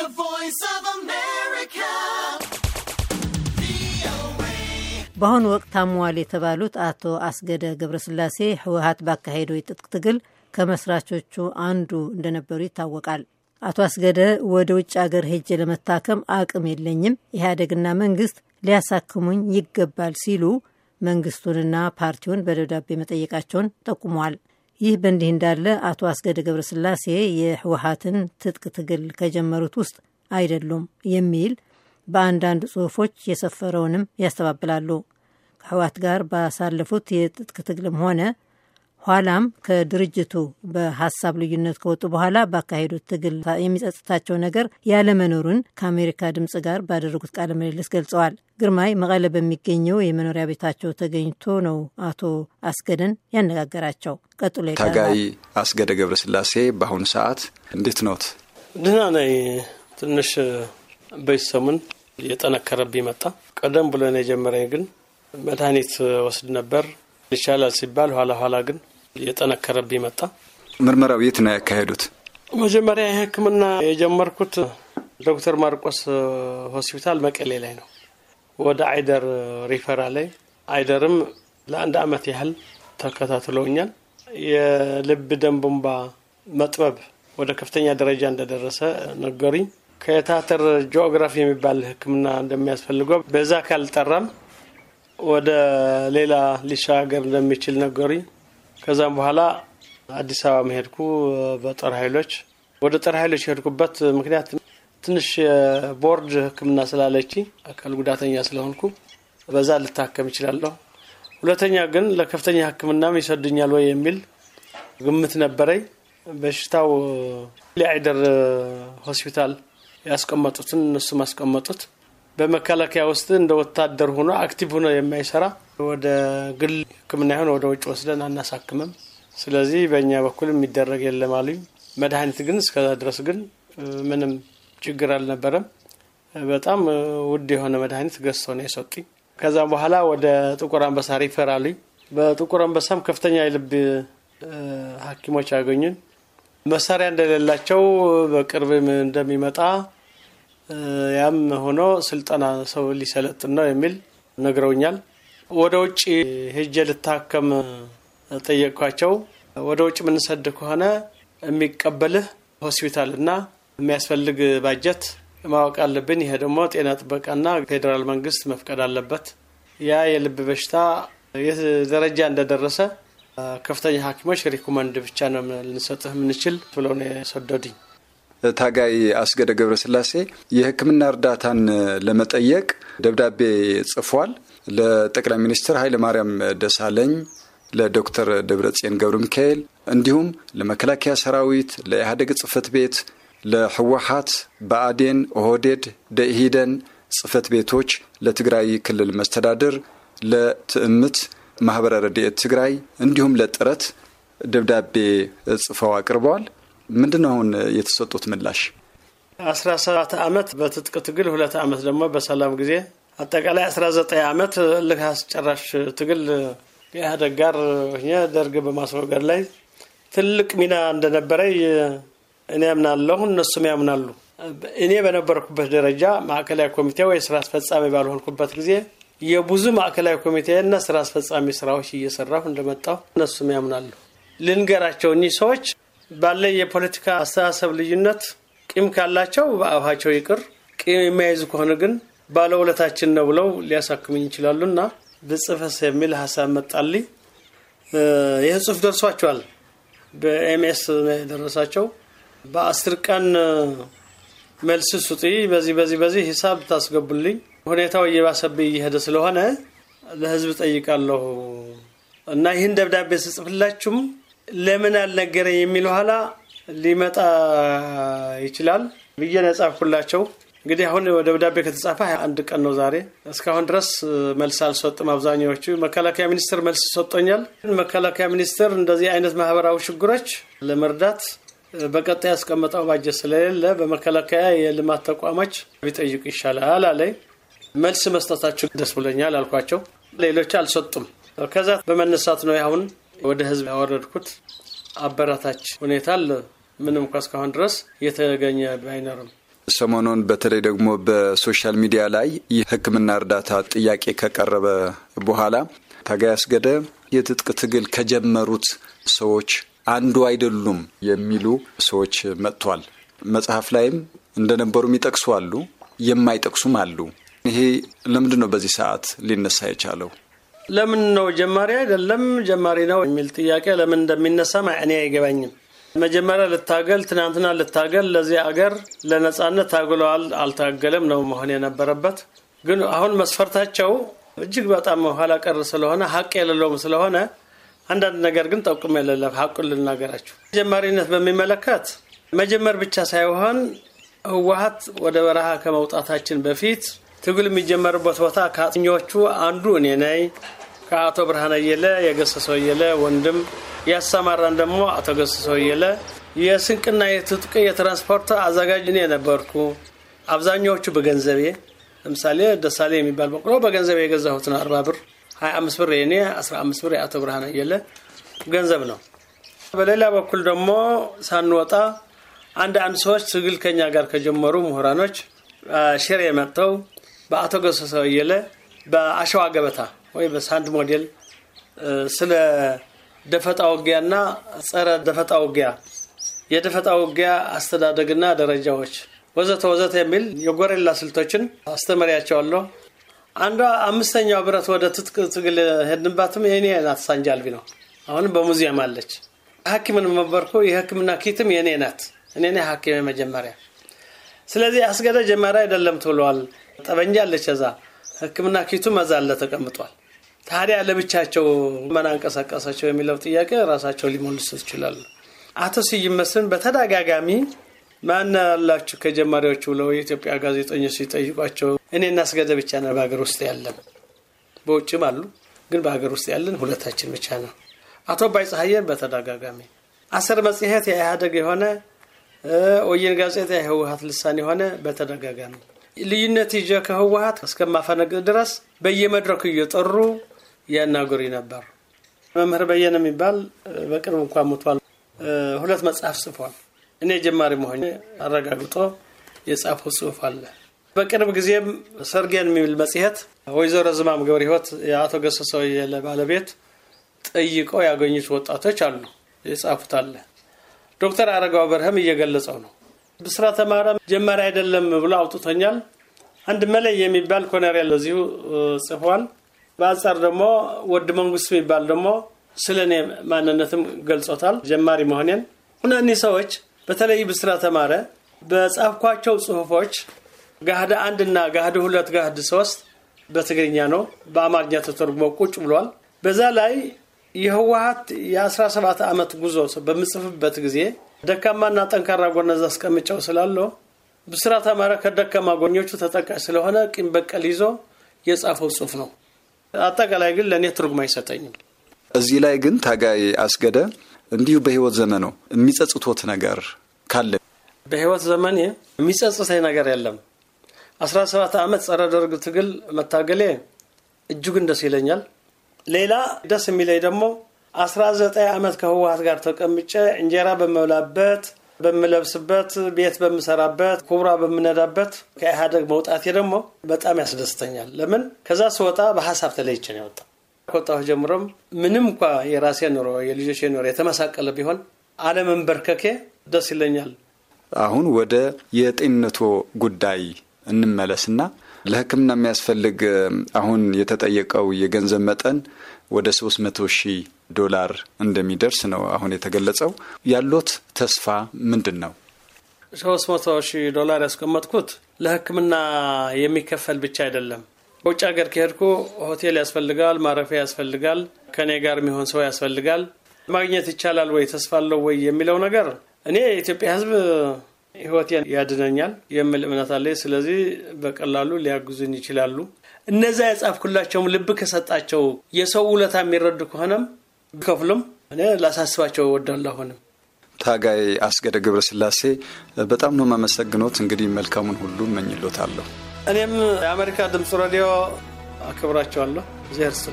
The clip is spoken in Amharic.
The Voice of America. በአሁኑ ወቅት ታሟል የተባሉት አቶ አስገደ ገብረስላሴ ህወሀት ባካሄደው የትጥቅ ትግል ከመስራቾቹ አንዱ እንደነበሩ ይታወቃል። አቶ አስገደ ወደ ውጭ አገር ሄጄ ለመታከም አቅም የለኝም፣ ኢህአዴግና መንግስት ሊያሳክሙኝ ይገባል ሲሉ መንግስቱንና ፓርቲውን በደብዳቤ መጠየቃቸውን ጠቁመዋል። ይህ በእንዲህ እንዳለ አቶ አስገደ ገብረስላሴ የህወሀትን ትጥቅ ትግል ከጀመሩት ውስጥ አይደሉም የሚል በአንዳንድ ጽሁፎች የሰፈረውንም ያስተባብላሉ። ከህወሀት ጋር ባሳለፉት የትጥቅ ትግልም ሆነ ኋላም ከድርጅቱ በሀሳብ ልዩነት ከወጡ በኋላ ባካሄዱት ትግል የሚጸጽታቸው ነገር ያለመኖሩን ከአሜሪካ ድምጽ ጋር ባደረጉት ቃለ ምልልስ ገልጸዋል። ግርማይ መቀለ በሚገኘው የመኖሪያ ቤታቸው ተገኝቶ ነው አቶ አስገደን ያነጋገራቸው። ቀጥሎ ታጋይ አስገደ ገብረስላሴ በአሁኑ ሰዓት እንዴት ኖት? ድና ነኝ። ትንሽ በይሰሙን እየጠነከረብኝ መጣ። ቀደም ብሎ ነው የጀመረኝ፣ ግን መድኃኒት ወስድ ነበር ይቻላል ሲባል ኋላ ኋላ ግን የጠነከረ ቢመጣ። ምርመራው የት ነው ያካሄዱት? መጀመሪያ የህክምና የጀመርኩት ዶክተር ማርቆስ ሆስፒታል መቀሌ ላይ ነው። ወደ አይደር ሪፈራ ላይ አይደርም ለአንድ አመት ያህል ተከታትለውኛል። የልብ ደም ቧንቧ መጥበብ ወደ ከፍተኛ ደረጃ እንደደረሰ ነገሩኝ። ከታተር ጂኦግራፊ የሚባል ህክምና እንደሚያስፈልገው በዛ ካልጠራም ወደ ሌላ ሊሻገር እንደሚችል ነገሩኝ። ከዛም በኋላ አዲስ አበባ መሄድኩ በጦር ኃይሎች። ወደ ጦር ኃይሎች የሄድኩበት ምክንያት ትንሽ ቦርድ ሕክምና ስላለች አካል ጉዳተኛ ስለሆንኩ በዛ ልታከም ይችላለሁ። ሁለተኛ ግን ለከፍተኛ ሕክምናም ይሰዱኛል ወይ የሚል ግምት ነበረኝ። በሽታው ሊአይደር ሆስፒታል ያስቀመጡትን እነሱ ማስቀመጡት በመከላከያ ውስጥ እንደ ወታደር ሆኖ አክቲቭ ሆኖ የማይሰራ ወደ ግል ሕክምና ይሆን ወደ ውጭ ወስደን አናሳክምም። ስለዚህ በእኛ በኩል የሚደረግ የለም አሉኝ። መድኃኒት ግን እስከዛ ድረስ ግን ምንም ችግር አልነበረም። በጣም ውድ የሆነ መድኃኒት ገዝቶ ነው የሰጡኝ። ከዛ በኋላ ወደ ጥቁር አንበሳ ሪፈር አሉኝ። በጥቁር አንበሳም ከፍተኛ የልብ ሐኪሞች ያገኙን መሳሪያ እንደሌላቸው በቅርብ እንደሚመጣ ያም ሆኖ ስልጠና ሰው ሊሰለጥን ነው የሚል ነግረውኛል። ወደ ውጭ ሄጄ ልታከም ጠየቅኳቸው። ወደ ውጭ የምንሰድ ከሆነ የሚቀበልህ ሆስፒታል የሚያስፈልግ ባጀት ማወቅ አለብን። ይሄ ደግሞ ጤና ጥበቃና ፌዴራል መንግስት መፍቀድ አለበት። ያ የልብ በሽታ የት ደረጃ እንደደረሰ ከፍተኛ ሐኪሞች ሪኮመንድ ብቻ ነው ልንሰጥህ የምንችል ብለው ነው የሰደዱኝ። ታጋይ አስገደ ገብረስላሴ የሕክምና እርዳታን ለመጠየቅ ደብዳቤ ጽፏል። ለጠቅላይ ሚኒስትር ኃይለ ማርያም ደሳለኝ፣ ለዶክተር ደብረጽዮን ገብረ ሚካኤል እንዲሁም ለመከላከያ ሰራዊት፣ ለኢህአዴግ ጽህፈት ቤት፣ ለህወሓት፣ በአዴን ኦህዴድ፣ ደኢህዴን ጽህፈት ቤቶች፣ ለትግራይ ክልል መስተዳድር፣ ለትዕምት ማህበረ ረድኤት ትግራይ እንዲሁም ለጥረት ደብዳቤ ጽፈው አቅርበዋል። ምንድን ነው አሁን የተሰጡት ምላሽ? አስራ ሰባት አመት በትጥቅ ትግል ሁለት አመት ደግሞ በሰላም ጊዜ አጠቃላይ አስራ ዘጠኝ አመት ልክ አስጨራሽ ትግል ከኢህአዴግ ጋር ደርግ በማስወገድ ላይ ትልቅ ሚና እንደነበረ እኔ ያምናለሁ፣ እነሱም ያምናሉ። እኔ በነበርኩበት ደረጃ ማዕከላዊ ኮሚቴ ወይ ስራ አስፈጻሚ ባልሆንኩበት ጊዜ የብዙ ማዕከላዊ ኮሚቴና ስራ አስፈጻሚ ስራዎች እየሰራሁ እንደመጣሁ እነሱም ያምናሉ። ልንገራቸው እኚህ ሰዎች ባለ የፖለቲካ አስተሳሰብ ልዩነት ቂም ካላቸው በአፋቸው ይቅር፣ ቂም የሚያይዙ ከሆነ ግን ባለውለታችን ነው ብለው ሊያሳክሙኝ ይችላሉና ብጽፈስ የሚል ሀሳብ መጣልኝ። ይህ ጽሁፍ ደርሷቸዋል። በኤምኤስ የደረሳቸው በአስር ቀን መልስ ሱጢ በዚህ በዚህ በዚህ ሂሳብ ታስገቡልኝ፣ ሁኔታው እየባሰብኝ እየሄደ ስለሆነ ለህዝብ ጠይቃለሁ እና ይህን ደብዳቤ ስጽፍላችሁም ለምን አልነገረኝ የሚል ኋላ ሊመጣ ይችላል ብዬ ነው የጻፍኩላቸው። እንግዲህ አሁን ደብዳቤ ከተጻፈ አንድ ቀን ነው ዛሬ። እስካሁን ድረስ መልስ አልሰጥም። አብዛኛዎቹ መከላከያ ሚኒስቴር መልስ ሰጥቶኛል። መከላከያ ሚኒስቴር እንደዚህ አይነት ማህበራዊ ችግሮች ለመርዳት በቀጣይ ያስቀመጠው ባጀት ስለሌለ በመከላከያ የልማት ተቋሞች ቢጠይቁ ይሻላል አለኝ። መልስ መስጠታቸው ደስ ብለኛል አልኳቸው። ሌሎች አልሰጡም። ከዛ በመነሳት ነው አሁን ወደ ህዝብ ያወረድኩት አበረታች ሁኔታ አለ። ምንም እንኳ እስካሁን ድረስ የተገኘ አይኖርም። ሰሞኑን በተለይ ደግሞ በሶሻል ሚዲያ ላይ የህክምና እርዳታ ጥያቄ ከቀረበ በኋላ ታጋይ አስገደ የትጥቅ ትግል ከጀመሩት ሰዎች አንዱ አይደሉም የሚሉ ሰዎች መጥቷል። መጽሐፍ ላይም እንደነበሩም ይጠቅሱ አሉ፣ የማይጠቅሱም አሉ። ይሄ ለምንድን ነው በዚህ ሰዓት ሊነሳ የቻለው? ለምን ነው ጀማሪ አይደለም ጀማሪ ነው የሚል ጥያቄ ለምን እንደሚነሳ እኔ አይገባኝም። መጀመሪያ ልታገል፣ ትናንትና ልታገል፣ ለዚህ አገር ለነጻነት ታግለዋል አልታገለም ነው መሆን የነበረበት። ግን አሁን መስፈርታቸው እጅግ በጣም ኋላ ቀር ስለሆነ ሀቅ የሌለውም ስለሆነ አንዳንድ ነገር ግን ጠቁም የሌለ ሀቁን ልናገራችሁ። ጀማሪነት በሚመለከት መጀመር ብቻ ሳይሆን ህወሀት ወደ በረሃ ከመውጣታችን በፊት ትግል የሚጀመርበት ቦታ ከአጥኚዎቹ አንዱ እኔ ነኝ። ከአቶ ብርሃን አየለ የገሰሰው አየለ ወንድም ያሰማራን ደግሞ አቶ ገሰሰው አየለ። የስንቅና የትጥቅ የትራንስፖርት አዘጋጅ እኔ ነበርኩ። አብዛኛዎቹ በገንዘቤ ለምሳሌ ደሳሌ የሚባል በቅሎ በገንዘብ የገዛሁት ነው። አርባ ብር፣ ሀያ አምስት ብር የኔ አስራ አምስት ብር የአቶ ብርሃን አየለ ገንዘብ ነው። በሌላ በኩል ደግሞ ሳንወጣ አንድ አንድ ሰዎች ትግል ከኛ ጋር ከጀመሩ ምሁራኖች ሽሬ መጥተው በአቶ ገሰሰ በየለ በአሸዋ ገበታ ወይ በሳንድ ሞዴል ስለ ደፈጣ ውጊያና ጸረ ደፈጣ ውጊያ፣ የደፈጣ ውጊያ አስተዳደግና ደረጃዎች ወዘተ ወዘተ የሚል የጎሬላ ስልቶችን አስተመሪያቸዋለሁ። አንዷ አምስተኛው ብረት ወደ ትጥቅ ትግል ሄድንባትም የኔ ናት። ሳንጃልቪ ነው። አሁንም በሙዚየም አለች። ሐኪምን መበርኩ የህክምና ኪትም የኔ ናት። እኔ ሐኪም መጀመሪያ። ስለዚህ አስገደ ጀመሪያ አይደለም ትብለዋል። ጠበንጃ አለች እዛ ህክምና ኪቱ መዛ አለ ተቀምጧል። ታዲያ ለብቻቸው መና አንቀሳቀሳቸው የሚለው ጥያቄ ራሳቸው ሊመልሱ ይችላሉ። አቶ ስዩም መስፍን በተደጋጋሚ ማን ያላችሁ ከጀማሪዎቹ ብለው የኢትዮጵያ ጋዜጠኞች ሲጠይቋቸው እኔ እናስገደ ብቻ ነን በሀገር ውስጥ ያለን፣ በውጭም አሉ ግን በሀገር ውስጥ ያለን ሁለታችን ብቻ ነው። አቶ ባይ ፀሐየን በተደጋጋሚ አስር መጽሔት የኢህአደግ የሆነ ወይን ጋዜጣ የህወሀት ልሳን የሆነ በተደጋጋሚ ልዩነት ይዤ ከህወሀት እስከማፈነግጥ ድረስ በየመድረኩ እየጠሩ ያናገሩኝ ነበር። መምህር በየነ የሚባል በቅርብ እንኳ ሞቷል። ሁለት መጽሐፍ ጽፏል። እኔ ጀማሪ መሆኔ አረጋግጦ የጻፈው ጽሁፍ አለ። በቅርብ ጊዜም ሰርጌን የሚል መጽሔት ወይዘሮ ዝማም ገብረ ህይወት የአቶ ገሰሰ የለ ባለቤት ጠይቀው ያገኙት ወጣቶች አሉ የጻፉት አለ። ዶክተር አረጋው በርህም እየገለጸው ነው ብስራተ ማርያም ጀመረ አይደለም ብሎ አውጥቶኛል። አንድ መለይ የሚባል ኮነሪያል እዚሁ ጽፏል። በአንጻር ደግሞ ወድ መንግስት የሚባል ደግሞ ስለ እኔ ማንነትም ገልጾታል፣ ጀማሪ መሆኔን እና እኒህ ሰዎች በተለይ ብስራ ተማረ በጻፍኳቸው ጽሁፎች ጋህደ አንድ ጋህደ ሁለት ጋህደ ሶስት በትግርኛ ነው፣ በአማርኛ ተተርጉሞ ቁጭ ብሏል። በዛ ላይ የህወሀት የ17 ዓመት ጉዞ በምጽፍበት ጊዜ ደካማና ጠንካራ ጎን እዛ ስላለው ብስራት አማረ ከደካማ ጎኞቹ ተጠቃሽ ስለሆነ ቂም በቀል ይዞ የጻፈው ጽሁፍ ነው። አጠቃላይ ግን ለእኔ ትርጉም አይሰጠኝም። እዚህ ላይ ግን ታጋይ አስገደ እንዲሁ በህይወት ዘመኑ የሚጸጽቶት ነገር ካለ በህይወት ዘመኔ የሚጸጽተኝ ነገር የለም። አስራ ሰባት ዓመት ጸረ ደርግ ትግል መታገሌ እጅጉን ደስ ይለኛል። ሌላ ደስ የሚለኝ ደግሞ ዘጠኝ ዓመት ከህወሀት ጋር ተቀምጨ እንጀራ በመብላበት በምለብስበት ቤት በምሰራበት ኩብራ በምነዳበት ከኢህአደግ መውጣቴ ደግሞ በጣም ያስደስተኛል። ለምን ከዛ ስወጣ በሀሳብ ተለይቼ ነው የወጣ ከወጣሁ ጀምሮም ምንም እንኳ የራሴ ኑሮ የልጆቼ ኑሮ የተመሳቀለ ቢሆን አለመንበርከኬ ደስ ይለኛል። አሁን ወደ የጤንነቶ ጉዳይ እንመለስና ለሕክምና የሚያስፈልግ አሁን የተጠየቀው የገንዘብ መጠን ወደ 300 ሺህ ዶላር እንደሚደርስ ነው አሁን የተገለጸው። ያሎት ተስፋ ምንድን ነው? 300 ሺህ ዶላር ያስቀመጥኩት ለሕክምና የሚከፈል ብቻ አይደለም። በውጭ ሀገር ከሄድኩ ሆቴል ያስፈልጋል፣ ማረፊያ ያስፈልጋል፣ ከእኔ ጋር የሚሆን ሰው ያስፈልጋል። ማግኘት ይቻላል ወይ ተስፋ አለው ወይ የሚለው ነገር እኔ የኢትዮጵያ ሕዝብ ህይወት ያድነኛል የሚል እምነት አለ ስለዚህ በቀላሉ ሊያግዙኝ ይችላሉ። እነዛ የጻፍኩላቸውም ልብ ከሰጣቸው የሰው ውለታ የሚረዱ ከሆነም ከፍሉም። እኔ ላሳስባቸው ወዳለ አሁንም ታጋይ አስገደ ገብረስላሴ በጣም ነው ማመሰግኖት። እንግዲህ መልካሙን ሁሉ እመኝሎታለሁ። እኔም የአሜሪካ ድምፅ ሬዲዮ አክብራቸዋለሁ። ዚርስ